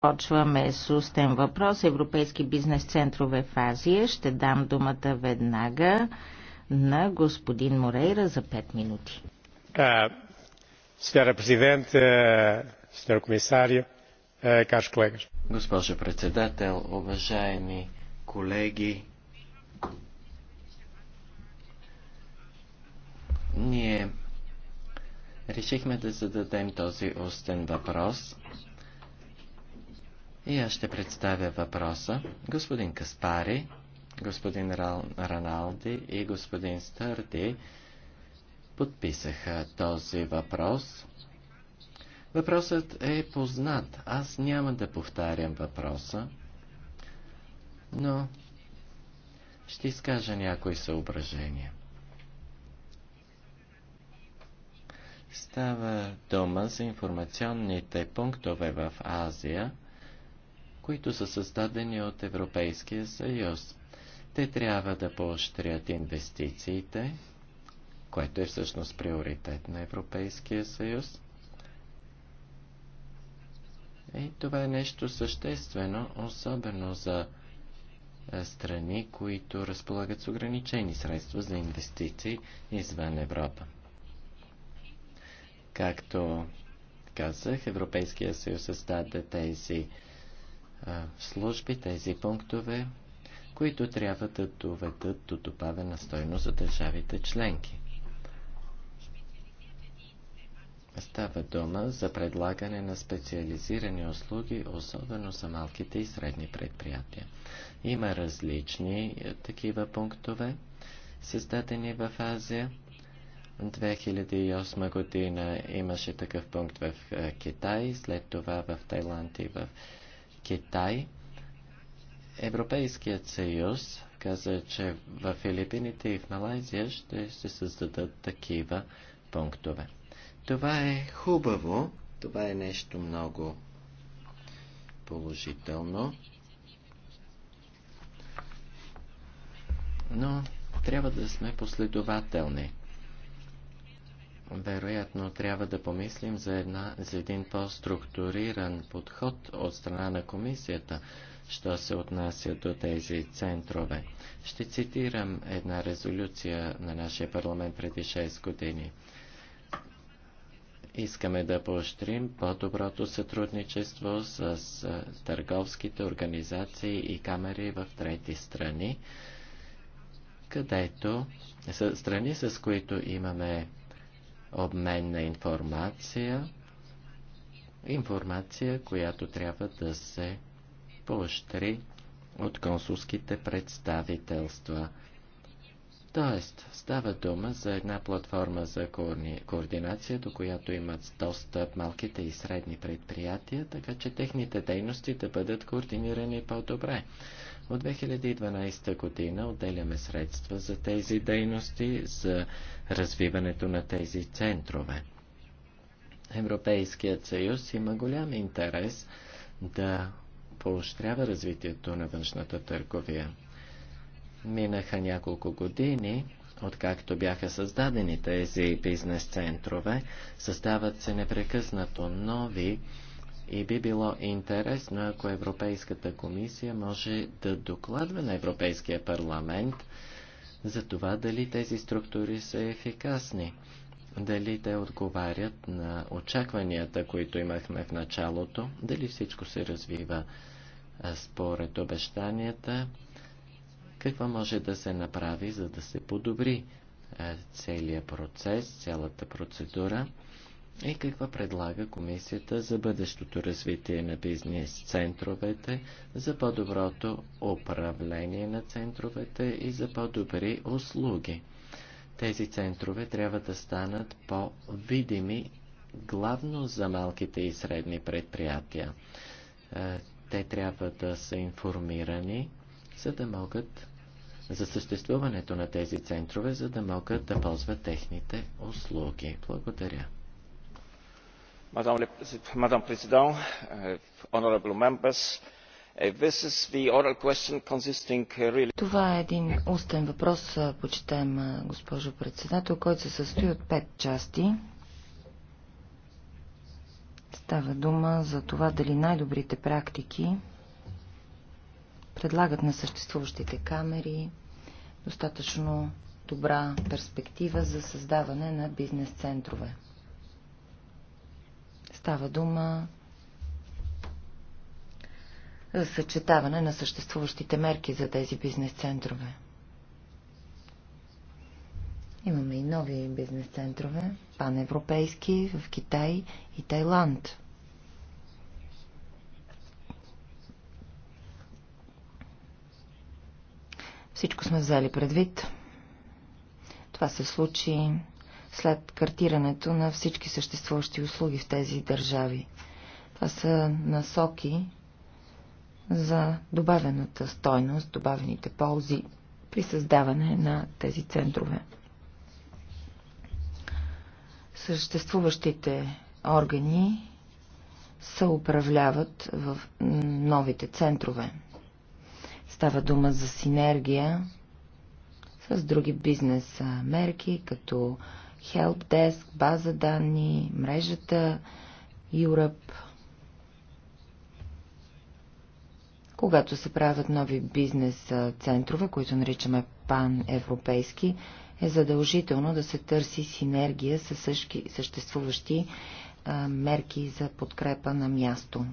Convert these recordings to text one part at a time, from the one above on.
Почваме с устен въпрос. Европейски бизнес центрове в Азия. Ще дам думата веднага на господин Морейра за 5 минути. Е, Сеньора президент, е, сеньор комисарио, е, каш колега. Госпожа председател, уважаеми колеги, ние решихме да зададем този устен въпрос – и аз ще представя въпроса. Господин Каспари, господин Раналди и господин Стърди подписаха този въпрос. Въпросът е познат. Аз няма да повтарям въпроса, но ще изкажа някои съображения. Става дума за информационните пунктове в Азия – които са създадени от Европейския съюз. Те трябва да поощрят инвестициите, което е всъщност приоритет на Европейския съюз. И това е нещо съществено, особено за е, страни, които разполагат с ограничени средства за инвестиции извън Европа. Както казах, Европейския съюз създаде тези служби, тези пунктове, които трябва да доведат до добавена стойност за държавите членки. Става дума за предлагане на специализирани услуги, особено за малките и средни предприятия. Има различни е, такива пунктове, създадени в Азия. 2008 година имаше такъв пункт в е, Китай, след това в Тайланд и в Китай. Европейският съюз каза, че в Филипините и в Малайзия ще се създадат такива пунктове. Това е хубаво, това е нещо много положително, но трябва да сме последователни. Вероятно трябва да помислим за, една, за един по-структуриран подход от страна на комисията, що се отнася до тези центрове. Ще цитирам една резолюция на нашия парламент преди 6 години. Искаме да поощрим по-доброто сътрудничество с търговските организации и камери в трети страни, където страни, с които имаме обмен на информация, информация, която трябва да се поощри от консулските представителства. Тоест, става дума за една платформа за координация, до която имат достъп малките и средни предприятия, така че техните дейности да бъдат координирани по-добре. От 2012 година отделяме средства за тези дейности, за развиването на тези центрове. Европейският съюз има голям интерес да поощрява развитието на външната търговия. Минаха няколко години, откакто бяха създадени тези бизнес центрове, създават се непрекъснато нови и би било интересно, ако Европейската комисия може да докладва на Европейския парламент за това дали тези структури са ефикасни, дали те отговарят на очакванията, които имахме в началото, дали всичко се развива според обещанията, какво може да се направи, за да се подобри целият процес, цялата процедура. И каква предлага комисията за бъдещото развитие на бизнес центровете, за по-доброто управление на центровете и за по-добри услуги? Тези центрове трябва да станат по-видими, главно за малките и средни предприятия. Е, те трябва да са информирани, за да могат за съществуването на тези центрове, за да могат да ползват техните услуги. Благодаря madam president uh, honourable members uh, uh, това е един устен въпрос, почитаема госпожо председател, който се състои от пет части. Става дума за това дали най-добрите практики предлагат на съществуващите камери достатъчно добра перспектива за създаване на бизнес центрове. Става дума за съчетаване на съществуващите мерки за тези бизнес центрове. Имаме и нови бизнес центрове, паневропейски, в Китай и Тайланд. Всичко сме взели предвид. Това се случи след картирането на всички съществуващи услуги в тези държави. Това са насоки за добавената стойност, добавените ползи при създаване на тези центрове. Съществуващите органи се управляват в новите центрове. Става дума за синергия с други бизнес мерки, като Helpdesk, база данни, мрежата Europe. Когато се правят нови бизнес центрове, които наричаме пан-европейски, е задължително да се търси синергия с съществуващи мерки за подкрепа на място.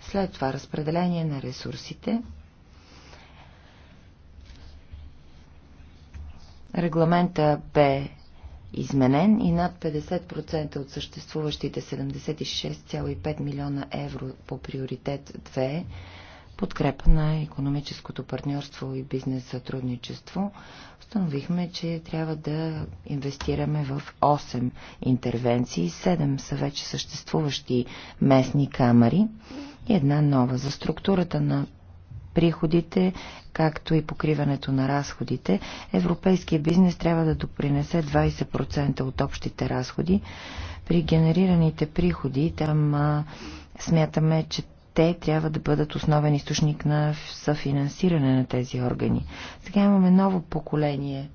След това разпределение на ресурсите. Регламента бе изменен и над 50% от съществуващите 76,5 милиона евро по приоритет 2 подкрепа на економическото партньорство и бизнес сътрудничество, установихме, че трябва да инвестираме в 8 интервенции, 7 са вече съществуващи местни камери и една нова. За структурата на приходите, както и покриването на разходите, европейския бизнес трябва да допринесе 20% от общите разходи. При генерираните приходи там а, смятаме, че те трябва да бъдат основен източник на съфинансиране на тези органи. Сега имаме ново поколение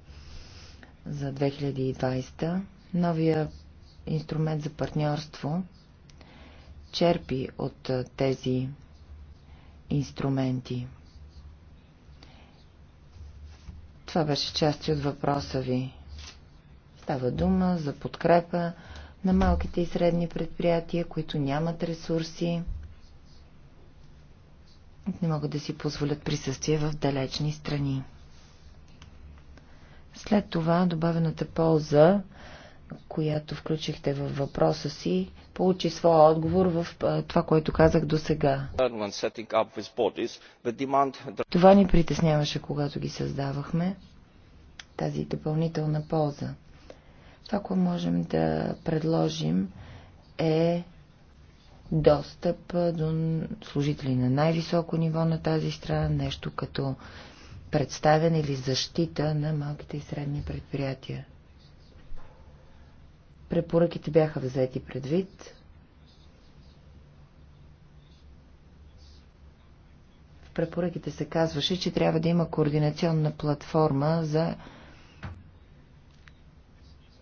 за 2020, новия инструмент за партньорство черпи от тези инструменти. Това беше част от въпроса ви. Става дума за подкрепа на малките и средни предприятия, които нямат ресурси, не могат да си позволят присъствие в далечни страни. След това добавената полза, която включихте във въпроса си, получи своя отговор в това, което казах до сега. Това ни притесняваше, когато ги създавахме, тази допълнителна полза. Това, което можем да предложим е достъп до служители на най-високо ниво на тази страна, нещо като представяне или защита на малките и средни предприятия. Препоръките бяха взети предвид. В препоръките се казваше, че трябва да има координационна платформа за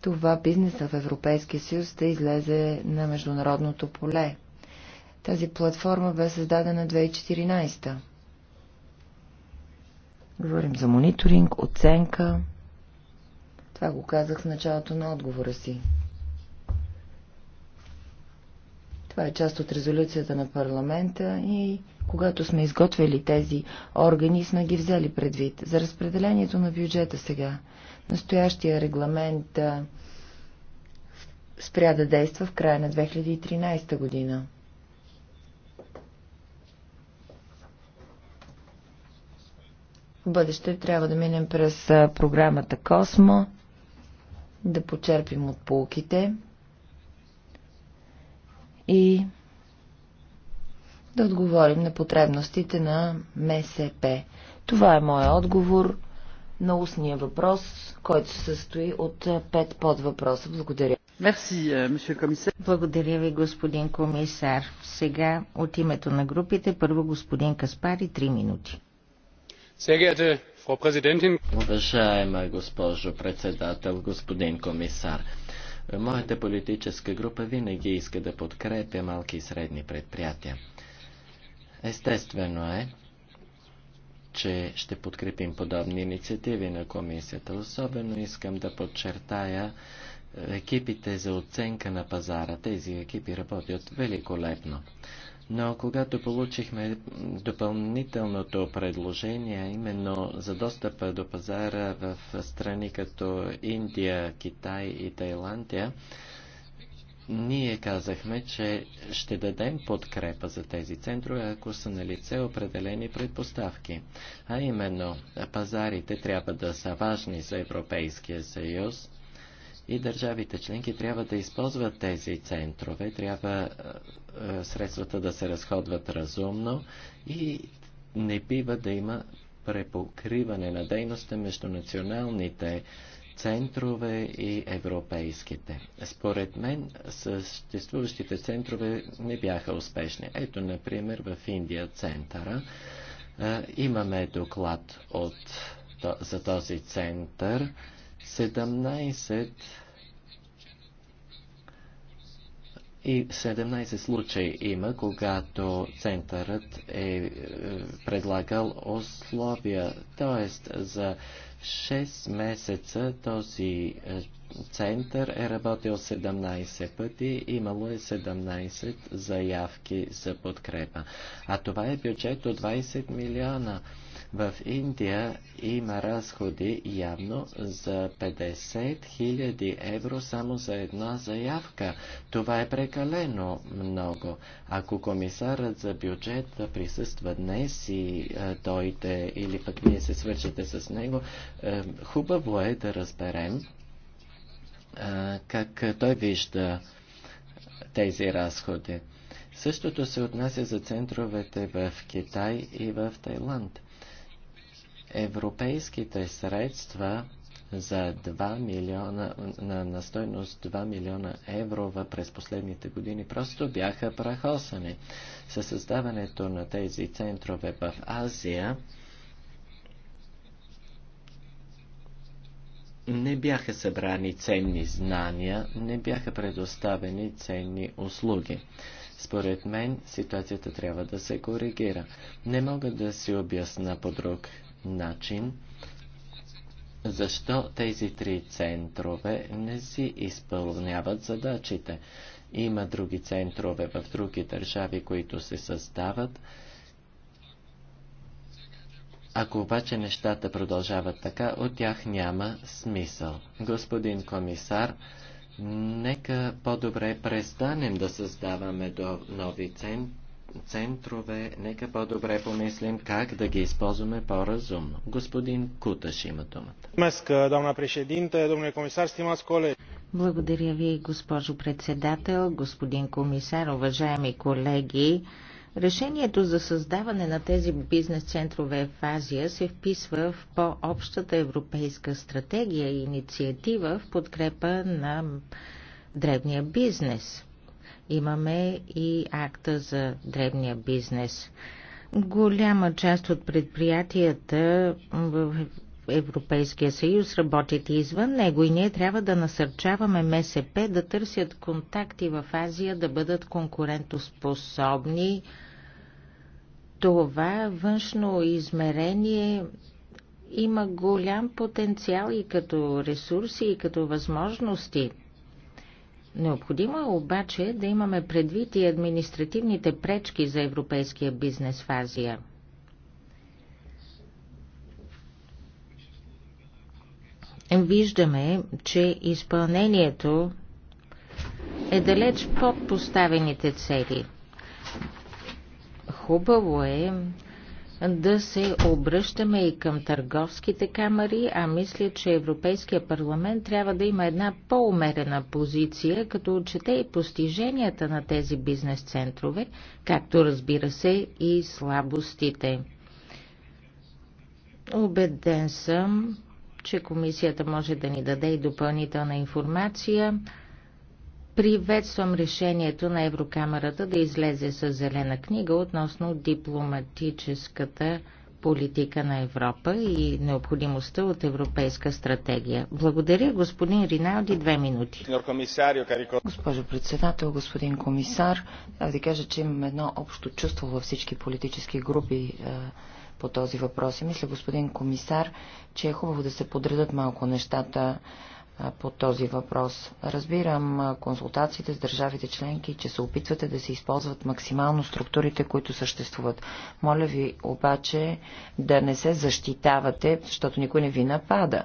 това бизнеса в Европейския съюз да излезе на международното поле. Тази платформа бе създадена 2014. Говорим за мониторинг, оценка. Това го казах в началото на отговора си. Това е част от резолюцията на парламента и когато сме изготвили тези органи, сме ги взели предвид. За разпределението на бюджета сега. Настоящия регламент спря да действа в края на 2013 година. В бъдеще трябва да минем през програмата Космо, да почерпим от полките и да отговорим на потребностите на МСП. Това е моя отговор на устния въпрос, който се състои от пет подвъпроса. Благодаря. Merci, Благодаря ви, господин комисар. Сега от името на групите първо господин Каспари, три минути. Уважаема госпожо председател, господин комисар, Моята политическа група винаги иска да подкрепя малки и средни предприятия. Естествено е, че ще подкрепим подобни инициативи на комисията. Особено искам да подчертая е, екипите за оценка на пазара. Тези екипи работят великолепно. Но когато получихме допълнителното предложение, именно за достъпа до пазара в страни като Индия, Китай и Тайландия, ние казахме, че ще дадем подкрепа за тези центрове, ако са на лице определени предпоставки. А именно, пазарите трябва да са важни за Европейския съюз и държавите членки трябва да използват тези центрове, трябва е, средствата да се разходват разумно и не бива да има препокриване на дейността между националните центрове и европейските. Според мен съществуващите центрове не бяха успешни. Ето, например, в Индия центъра е, имаме доклад от, за този център. 17 И 17 случаи има, когато центърът е, е предлагал условия, т.е. за 6 месеца този е, център е работил 17 пъти, имало е 17 заявки за подкрепа. А това е бюджет от 20 милиона. В Индия има разходи явно за 50 000 евро само за една заявка. Това е прекалено много. Ако комисарът за бюджет да присъства днес и е, дойде или пък вие се свършите с него, е, хубаво е да разберем е, как той вижда тези разходи. Същото се отнася за центровете в Китай и в Тайланд. Европейските средства за 2 милиона, на, на стойност 2 милиона евро през последните години просто бяха прахосани. Със създаването на тези центрове в Азия не бяха събрани ценни знания, не бяха предоставени ценни услуги. Според мен ситуацията трябва да се коригира. Не мога да си обясна по друг начин защо тези три центрове не си изпълняват задачите. Има други центрове в други държави, които се създават. Ако обаче нещата продължават така, от тях няма смисъл. Господин комисар, нека по-добре престанем да създаваме нови центрове центрове, нека по-добре помислим как да ги използваме по-разумно. Господин Куташ има думата. Благодаря ви, госпожо председател, господин комисар, уважаеми колеги. Решението за създаване на тези бизнес центрове в Азия се вписва в по-общата европейска стратегия и инициатива в подкрепа на древния бизнес имаме и акта за древния бизнес. Голяма част от предприятията в Европейския съюз работят извън него и ние трябва да насърчаваме МСП да търсят контакти в Азия, да бъдат конкурентоспособни. Това външно измерение има голям потенциал и като ресурси, и като възможности – Необходимо е обаче да имаме предвид и административните пречки за европейския бизнес в Азия. Виждаме, че изпълнението е далеч под поставените цели. Хубаво е, да се обръщаме и към търговските камери, а мисля, че Европейския парламент трябва да има една по-умерена позиция, като отчете и постиженията на тези бизнес центрове, както разбира се и слабостите. Обеден съм, че комисията може да ни даде и допълнителна информация Приветствам решението на Еврокамерата да излезе с зелена книга относно дипломатическата политика на Европа и необходимостта от европейска стратегия. Благодаря, господин Риналди, две минути. Госпожо председател, господин комисар, аз ви кажа, че имам едно общо чувство във всички политически групи е, по този въпрос. И мисля, господин комисар, че е хубаво да се подредат малко нещата по този въпрос. Разбирам консултациите с държавите членки, че се опитвате да се използват максимално структурите, които съществуват. Моля ви обаче да не се защитавате, защото никой не ви напада.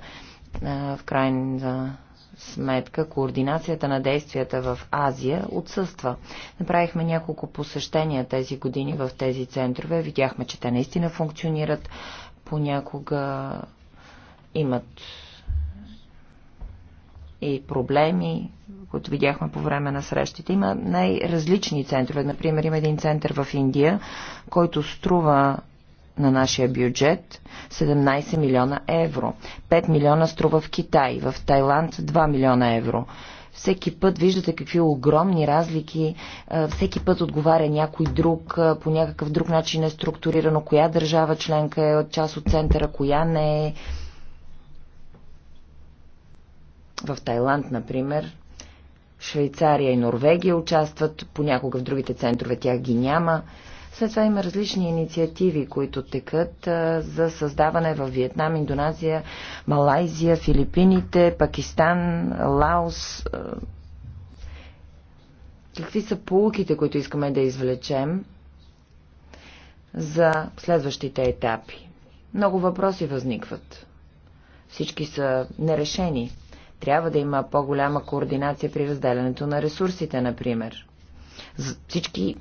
В крайна сметка координацията на действията в Азия отсъства. Направихме няколко посещения тези години в тези центрове. Видяхме, че те наистина функционират. Понякога имат и проблеми, които видяхме по време на срещите. Има най-различни центрове. Например, има един център в Индия, който струва на нашия бюджет 17 милиона евро. 5 милиона струва в Китай, в Тайланд 2 милиона евро. Всеки път виждате какви огромни разлики, е, всеки път отговаря някой друг, е, по някакъв друг начин е структурирано, коя държава членка е от част от центъра, коя не е в Тайланд, например, Швейцария и Норвегия участват, понякога в другите центрове тях ги няма. След това има различни инициативи, които текат а, за създаване в Виетнам, Индонезия, Малайзия, Филипините, Пакистан, Лаос. А... Какви са полуките, които искаме да извлечем за следващите етапи? Много въпроси възникват. Всички са нерешени. Трябва да има по-голяма координация при разделянето на ресурсите, например. Всички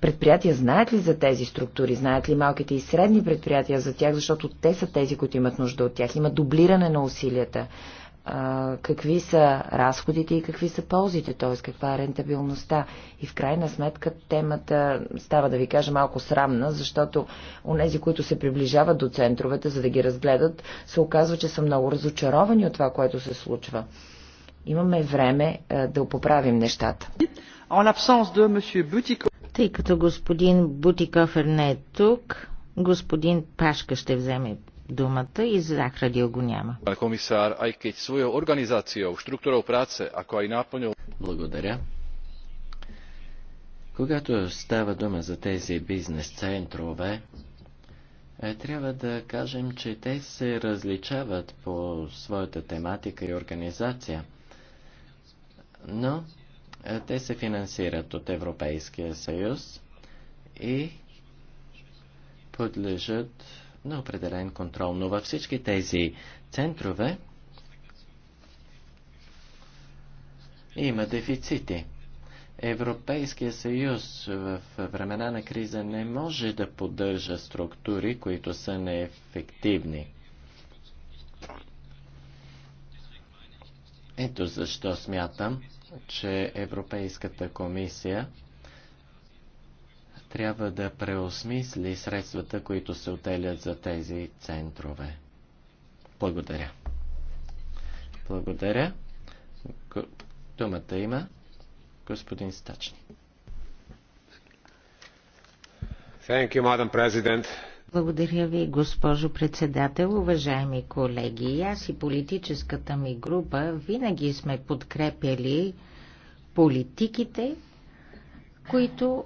предприятия знаят ли за тези структури? Знаят ли малките и средни предприятия за тях? Защото те са тези, които имат нужда от тях. Има дублиране на усилията какви са разходите и какви са ползите, т.е. каква е рентабилността. И в крайна сметка темата става, да ви кажа, малко срамна, защото онези, които се приближават до центровете, за да ги разгледат, се оказва, че са много разочаровани от това, което се случва. Имаме време а, да поправим нещата. Тъй като господин Бутикофер не е тук, господин Пашка ще вземе думата и захрадил го няма. Комисар, aj keď svojou organizáciou, štruktúrou праце, ако ай напълнил... Благодаря. Когато става дума за тези бизнес центрове, е, трябва да кажем, че те се различават по своята тематика и организация, но е, те се финансират от Европейския съюз и подлежат на определен контрол. Но във всички тези центрове има дефицити. Европейския съюз в времена на криза не може да поддържа структури, които са неефективни. Ето защо смятам, че Европейската комисия трябва да преосмисли средствата, които се отделят за тези центрове. Благодаря. Благодаря. Думата има господин Стачни. Thank you, Madam President. Благодаря ви, госпожо председател, уважаеми колеги. Аз и политическата ми група винаги сме подкрепили политиките, които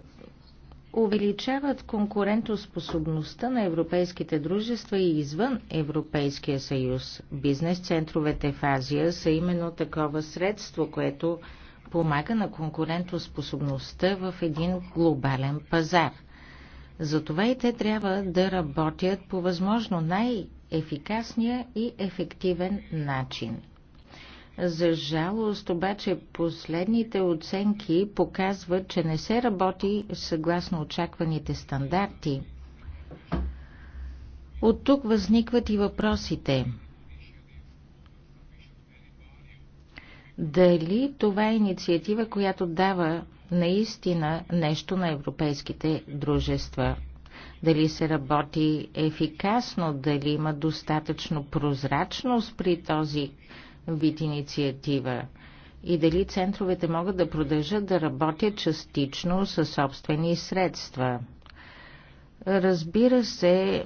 увеличават конкурентоспособността на европейските дружества и извън Европейския съюз. Бизнес центровете в Азия са именно такова средство, което помага на конкурентоспособността в един глобален пазар. Затова и те трябва да работят по възможно най-ефикасния и ефективен начин. За жалост обаче последните оценки показват, че не се работи съгласно очакваните стандарти. От тук възникват и въпросите. Дали това е инициатива, която дава наистина нещо на европейските дружества? Дали се работи ефикасно, дали има достатъчно прозрачност при този вид инициатива и дали центровете могат да продължат да работят частично със собствени средства. Разбира се,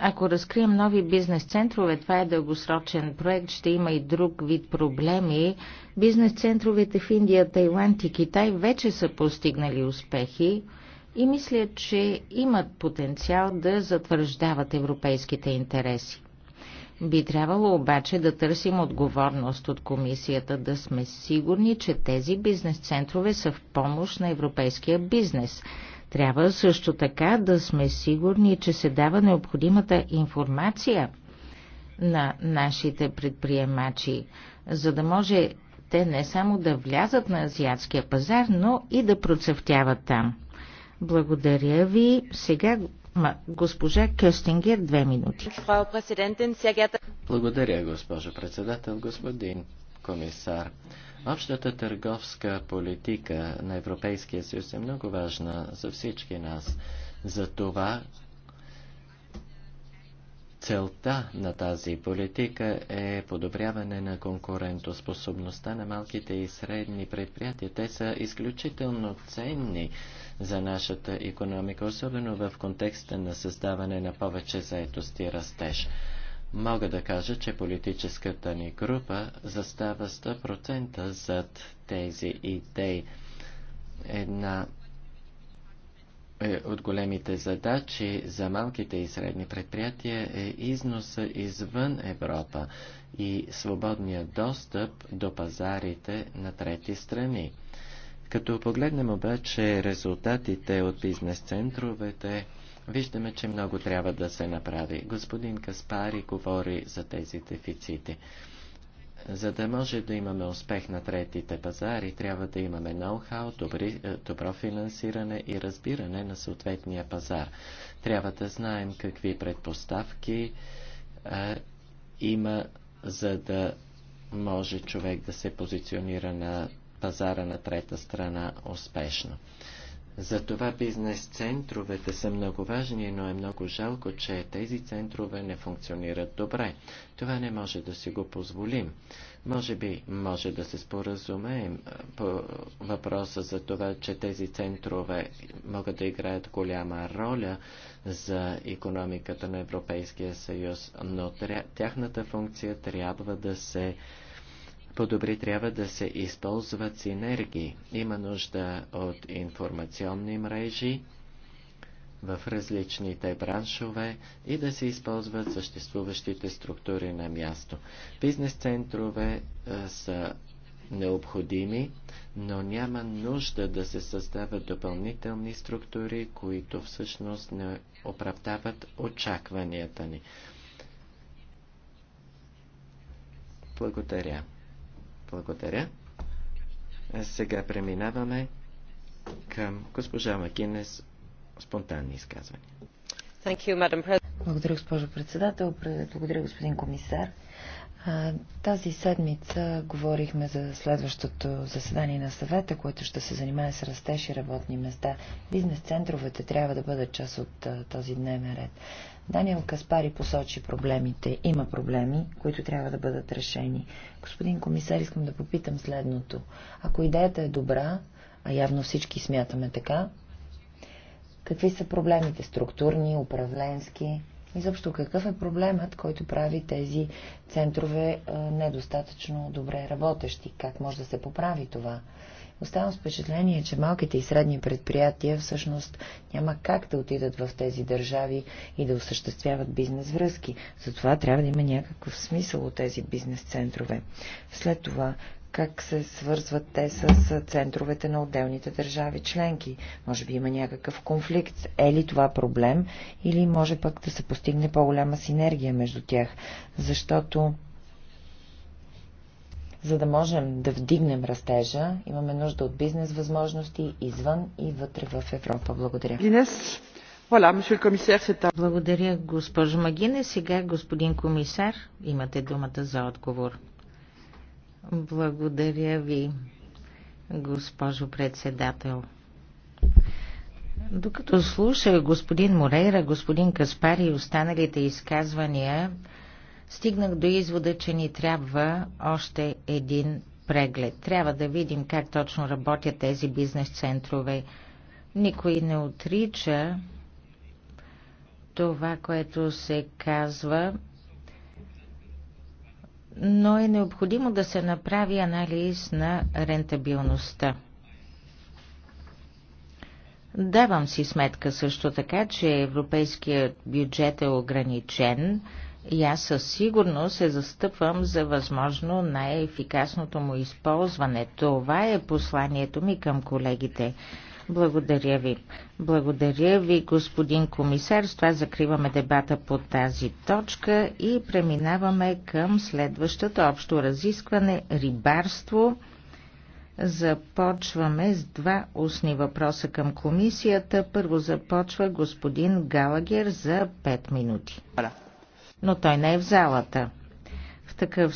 ако разкрием нови бизнес центрове, това е дългосрочен проект, ще има и друг вид проблеми. Бизнес центровете в Индия, Тайланд и Китай вече са постигнали успехи и мисля, че имат потенциал да затвърждават европейските интереси. Би трябвало обаче да търсим отговорност от комисията, да сме сигурни, че тези бизнес центрове са в помощ на европейския бизнес. Трябва също така да сме сигурни, че се дава необходимата информация на нашите предприемачи, за да може те не само да влязат на азиатския пазар, но и да процъфтяват там. Благодаря ви. Сега Госпожа Кюстингер, две минути. Благодаря, госпожо председател, господин комисар. Общата търговска политика на Европейския съюз е много важна за всички нас. За това Целта на тази политика е подобряване на конкурентоспособността на малките и средни предприятия. Те са изключително ценни за нашата економика, особено в контекста на създаване на повече заетост и растеж. Мога да кажа, че политическата ни група застава 100% зад тези идеи. Една е, от големите задачи за малките и средни предприятия е износа извън Европа и свободния достъп до пазарите на трети страни. Като погледнем обаче резултатите от бизнес центровете, виждаме, че много трябва да се направи. Господин Каспари говори за тези дефицити. За да може да имаме успех на третите пазари, трябва да имаме ноу-хау, е, добро финансиране и разбиране на съответния пазар. Трябва да знаем какви предпоставки а, е, има, за да може човек да се позиционира на пазара на трета страна успешно. Затова бизнес центровете са много важни, но е много жалко, че тези центрове не функционират добре. Това не може да си го позволим. Може би може да се споразумеем по въпроса за това, че тези центрове могат да играят голяма роля за економиката на Европейския съюз, но тяхната функция трябва да се по-добре трябва да се използват синергии. Има нужда от информационни мрежи в различните браншове и да се използват съществуващите структури на място. Бизнес центрове е, са необходими, но няма нужда да се създават допълнителни структури, които всъщност не оправдават очакванията ни. Благодаря. Благодаря. А сега преминаваме към госпожа Макинес спонтанни изказвания. Благодаря, госпожо председател. Благодаря, господин комисар. Тази седмица говорихме за следващото заседание на съвета, което ще се занимае с растеж и работни места. Бизнес центровете трябва да бъдат част от този дневен ред. Даниел Каспари посочи проблемите. Има проблеми, които трябва да бъдат решени. Господин комисар, искам да попитам следното. Ако идеята е добра, а явно всички смятаме така, какви са проблемите? Структурни, управленски? Изобщо какъв е проблемът, който прави тези центрове е, недостатъчно добре работещи? Как може да се поправи това? Оставам с впечатление, че малките и средни предприятия всъщност няма как да отидат в тези държави и да осъществяват бизнес връзки. Затова трябва да има някакъв смисъл от тези бизнес центрове. След това, как се свързват те с центровете на отделните държави членки. Може би има някакъв конфликт. Е ли това проблем или може пък да се постигне по-голяма синергия между тях? Защото за да можем да вдигнем растежа, имаме нужда от бизнес възможности извън и вътре в Европа. Благодаря. Благодаря, госпожо Магине. Сега, господин комисар, имате думата за отговор. Благодаря ви, госпожо председател. Докато слушах господин Морейра, господин Каспари и останалите изказвания, стигнах до извода, че ни трябва още един преглед. Трябва да видим как точно работят тези бизнес центрове. Никой не отрича това, което се казва но е необходимо да се направи анализ на рентабилността. Давам си сметка също така, че европейският бюджет е ограничен и аз със сигурност се застъпвам за възможно най-ефикасното му използване. Това е посланието ми към колегите. Благодаря ви. Благодаря ви, господин комисар. С това закриваме дебата по тази точка и преминаваме към следващото общо разискване – рибарство. Започваме с два устни въпроса към комисията. Първо започва господин Галагер за 5 минути. Но той не е в залата. В такъв